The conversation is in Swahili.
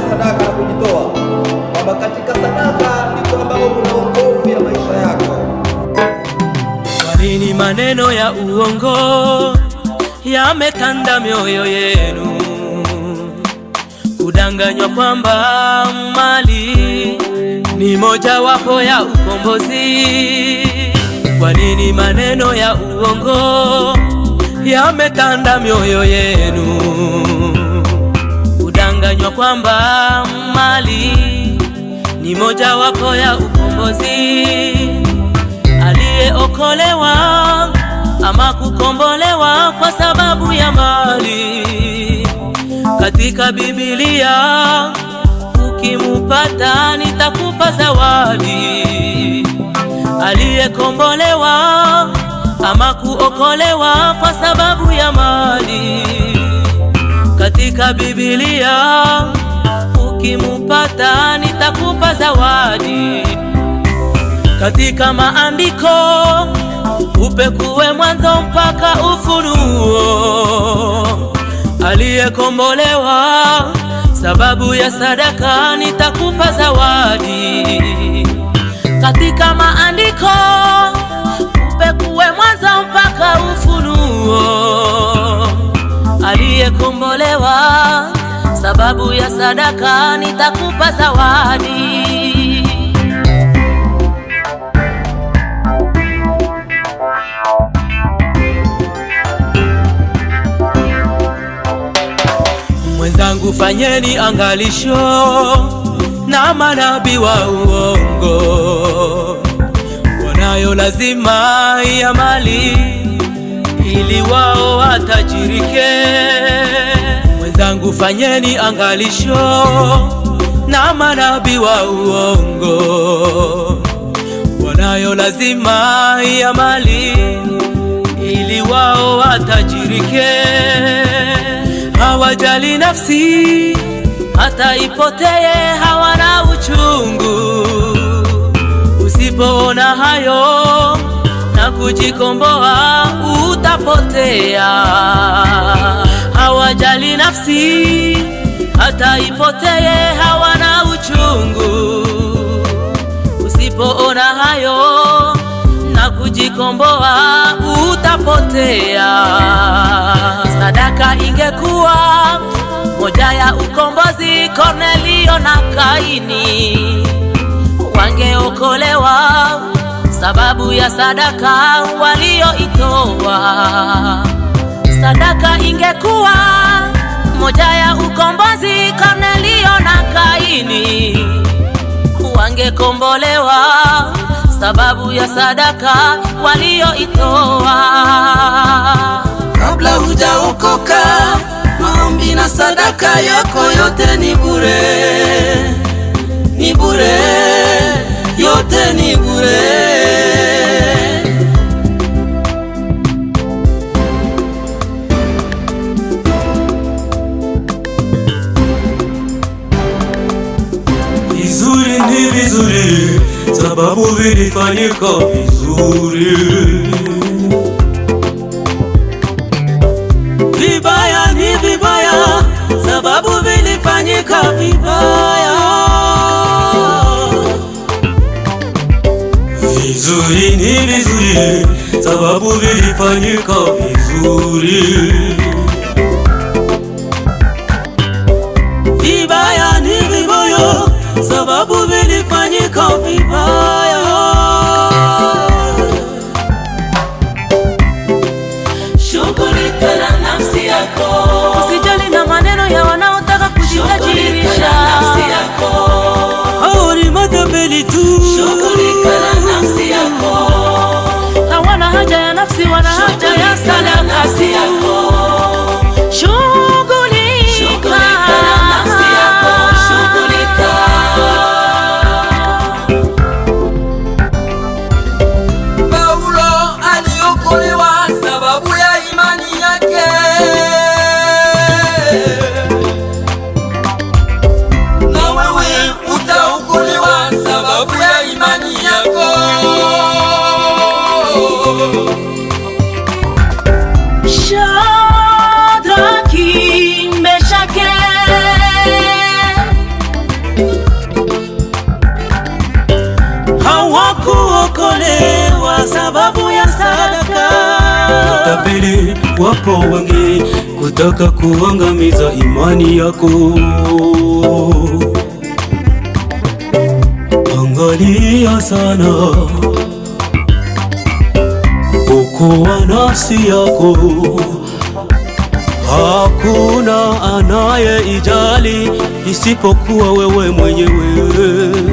katika sadaka na kujitoa, kwamba katika sadaka ni ambapo kuna wokovu ya maisha yako. Kwa nini maneno ya uongo yametanda mioyo yenu, kudanganywa kwamba mali ni moja wapo ya ukombozi? Kwa nini maneno ya uongo yametanda mioyo yenu kudanganywa kwamba mali ni moja wapo ya ukombozi. Aliyeokolewa ama kukombolewa kwa sababu ya mali, katika Biblia ukimupata nitakupa zawadi. Aliyekombolewa ama kuokolewa kwa sababu ya mali katika Biblia, ukimupata nitakupa zawadi. Katika maandiko upekuwe mwanzo mpaka Ufunuo. Aliyekombolewa sababu ya sadaka nitakupa zawadi. Katika maandiko upekuwe mwanzo mpaka Ufunuo umekombolewa, sababu ya sadaka nitakupa zawadi. Mwenzangu, fanyeni angalisho na manabii wa uongo, wanayo lazima ya mali ili wao watajirike. Mwenzangu, fanyeni angalisho na manabi wa uongo, wanayo lazima ya mali ili wao watajirike. Hawajali nafsi hata ipoteye, hawana uchungu. Usipoona hayo kujikomboa utapotea. Hawajali nafsi hata ipotee, hawana uchungu. Usipoona hayo na kujikomboa utapotea. Sadaka ingekuwa moja ya ukombozi, Kornelio na Kaini wangeokolewa sababu ya sadaka walioitoa. Sadaka ingekuwa moja ya ukombozi, Kornelio na Kaini wangekombolewa sababu ya sadaka walioitoa. Kabla hujaokoka, maombi na sadaka yako yote ni bure. sababu vilifanyika vizuri. Vibaya ni vibaya, sababu vilifanyika vibaya. Vizuri ni vizuri, sababu vilifanyika vizuri. yako vibaya. Shughulika na nafsi yako, usijali na maneno ya wanaotaka kushikajirisha. Oh, Hawana haja ya nafsi, wana haja ya sadaka. kuolewa sababu ya sadaka. Matapeli wapo wengi kutaka kuangamiza imani yako. Angalia sana ukowa nafsi yako. Hakuna anaye ijali isipokuwa wewe mwenyewe.